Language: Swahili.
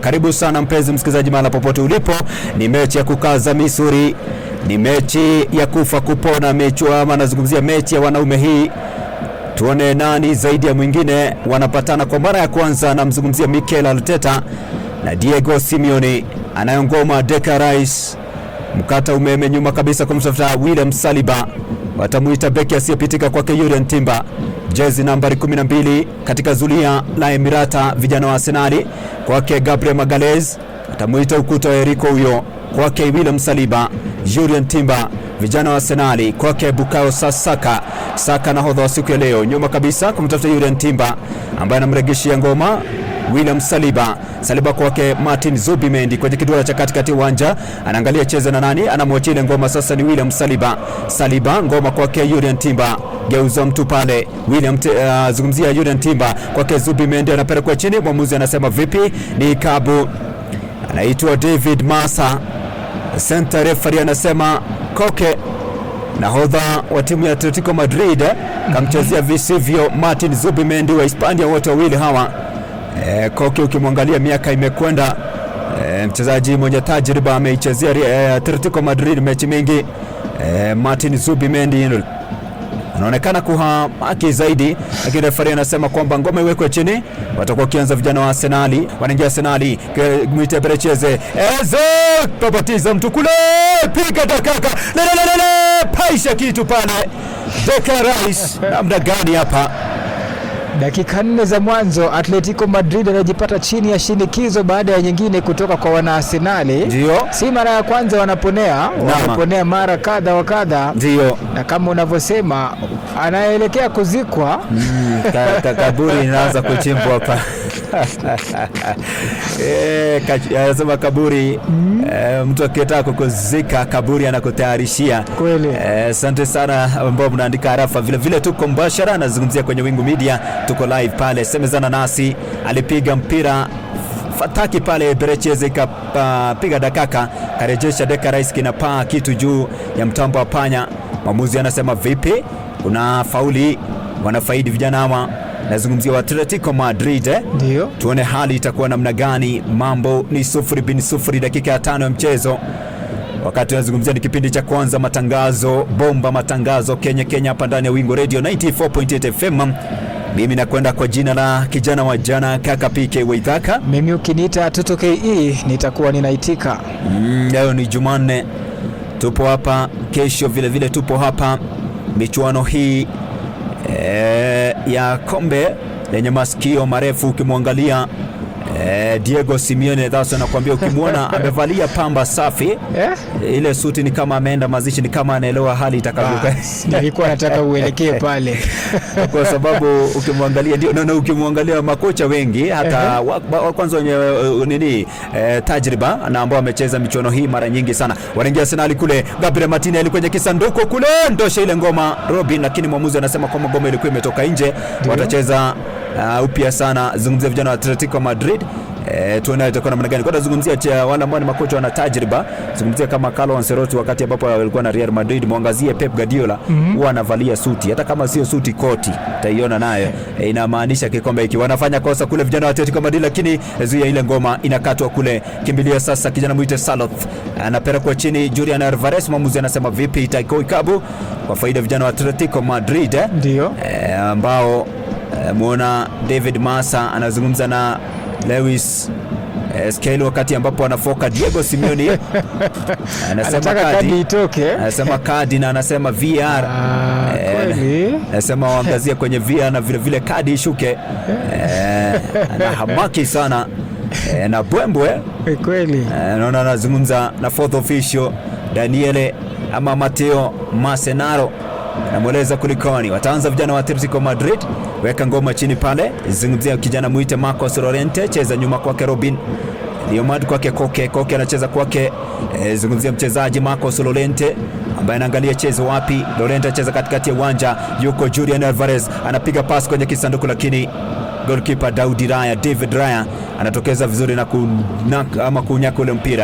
Karibu sana mpenzi msikilizaji, mahala popote ulipo. Ni mechi ya kukaza misuri, ni mechi ya kufa kupona, mechi ama nazungumzia mechi ya wanaume hii. Tuone nani zaidi ya mwingine wanapatana kwa mara ya kwanza. Namzungumzia Mikel Arteta na Diego Simeone, anayongoma Declan Rice, mkata umeme nyuma kabisa kumtafuta William Saliba, watamuita beki asiyepitika kwake Julian Timba jezi nambari 12 katika zulia la Emirata vijana wa Arsenali. Kwake Gabriel Magalhaes atamuita ukuta wa Yeriko huyo. Kwake William Saliba, Julian Timba vijana wa Arsenali. Kwake Bukayo Saka, Saka nahodha wa siku ya leo. Nyuma kabisa kumtafuta Julian Timba ambaye anamregeshia ngoma William Saliba. Saliba kwake Martin Zubi Mendi kwenye kiduara cha katikati uwanja, anaangalia cheza na nani, anamwachia ile ngoma sasa. Ni William Saliba. Saliba ngoma kwake Julian Timba, geuza mtu pale. William uh, zungumzia Julian Timba kwake Zubi Mendi, anapelekwa chini. Mwamuzi anasema vipi? Ni kabu, anaitwa David Masa, Center referee anasema koke nahodha wa timu ya Atletico Madrid eh, kamchezea visivyo Martin Zubimendi wa Hispania, wote wawili hawa E, eh, Koke ukimwangalia miaka imekwenda, e, mchezaji mwenye tajriba ameichezea e, Atletico Madrid mechi mingi. E, Martin Zubimendi anaonekana kuhamaki zaidi, lakini refari anasema kwamba ngome iwekwe chini. Watakuwa wakianza vijana wa Arsenali, wanaingia Arsenali, Mwite Berecheze Eze babatiza mtu kule, piga dakika paisha kitu pale, Declan Rice namna gani hapa Dakika nne za mwanzo Atletico Madrid anajipata chini ya shinikizo baada ya nyingine kutoka kwa Arsenal. Ndio, si mara ya kwanza wanaponea, wanaponea mara kadha wa kadha. Ndio, na kama unavyosema anaelekea kuzikwa mm, kaburi inaanza kuchimbwa hapa E, anasema kaburi mm. E, mtu akitaka kukuzika kaburi anakutayarishia kweli. Eh, asante e, sana ambao mnaandika harafa vile vile, tuko mbashara, anazungumzia kwenye Wingu Media tuko live pale, semezana nasi. Alipiga mpira fataki pale, Berecheze ikapiga uh, dakaka karejesha Deka Rais kinapaa kitu juu ya mtambo wa panya. Mwamuzi anasema vipi, kuna fauli, wanafaidi vijana hawa. Nazungumzia Atletico Madrid eh? Ndio. Tuone hali itakuwa namna gani. Mambo ni sufuri bin sufuri, dakika ya tano ya mchezo wakati unazungumzia ni kipindi cha kwanza, matangazo bomba, matangazo Kenya Kenya hapa ndani ya Wingo Radio 94.8 FM. Mimi nakwenda kwa jina la kijana wa jana, kaka PK Waithaka. Mimi ukiniita Toto KE nitakuwa ninaitika. Mm, leo mm, ni Jumanne, tupo hapa, kesho vilevile vile tupo hapa. Michuano hii e, ya kombe lenye masikio marefu ukimwangalia Eh, Diego Simeone dhasa anakuambia, ukimwona amevalia pamba safi yeah. Ile suti ni kama ameenda mazishi, ni kama anaelewa hali itakavyokuwa. Ah, nilikuwa nataka uelekee pale kwa sababu ukimwangalia ndio na, na ukimwangalia makocha wengi hata wa, wa, kwanza wenye uh, nini eh, tajriba na ambao wamecheza michuano hii mara nyingi sana wanaingia Arsenal kule, Gabriel Martinelli kwenye kisanduku kule ndosha ile ngoma Robin, lakini mwamuzi anasema kwamba ngoma ilikuwa imetoka nje, watacheza Ah, upya uh, sana zungumzia vijana wa Atletico Madrid. eh, tuone itakuwa namna gani. Kwa nazungumzia cha wale ambao ni makocha wana tajriba, zungumzia kama Carlo Ancelotti wakati ambapo alikuwa na Real Madrid, mwangazie Pep Guardiola mm huwa -hmm. anavalia suti, hata kama sio suti koti, utaiona nayo e, inamaanisha kikombe hiki. Wanafanya kosa kule vijana wa Atletico Madrid, lakini zuia ile ngoma inakatwa kule. Kimbilio sasa kijana mwite Saloth kwa chini, Julian Alvarez mwamuzi anasema vipi, itaikoi kabu kwa faida vijana wa Atletico Madrid, eh? ndio e, ambao Eh, muona David Massa anazungumza na Lewis eh, Skelly wakati ambapo anafoka Diego Simeone anasema kadi itoke, anasema kadi na anasema VR ah, eh, anasema waangazie kwenye VR na vilevile vile kadi ishuke. E, hamaki sana na bwembwe kweli. Naona anazungumza na fourth official Daniele ama Mateo Masenaro namweleza kulikoni, wataanza vijana wa Atletico Madrid, weka ngoma chini pale, zungumzia kijana mwite Marcos Llorente, cheza nyuma kwake Robin Leomad kwake Koke, Koke anacheza kwake e, zungumzia mchezaji Marcos Llorente ambaye anaangalia chezo wapi. Llorente anacheza katikati ya uwanja, yuko Julian Alvarez anapiga pasi kwenye kisanduku, lakini goalkeeper Daudi Raya, David Raya anatokeza vizuri na kunaka ama kunyaka ule mpira.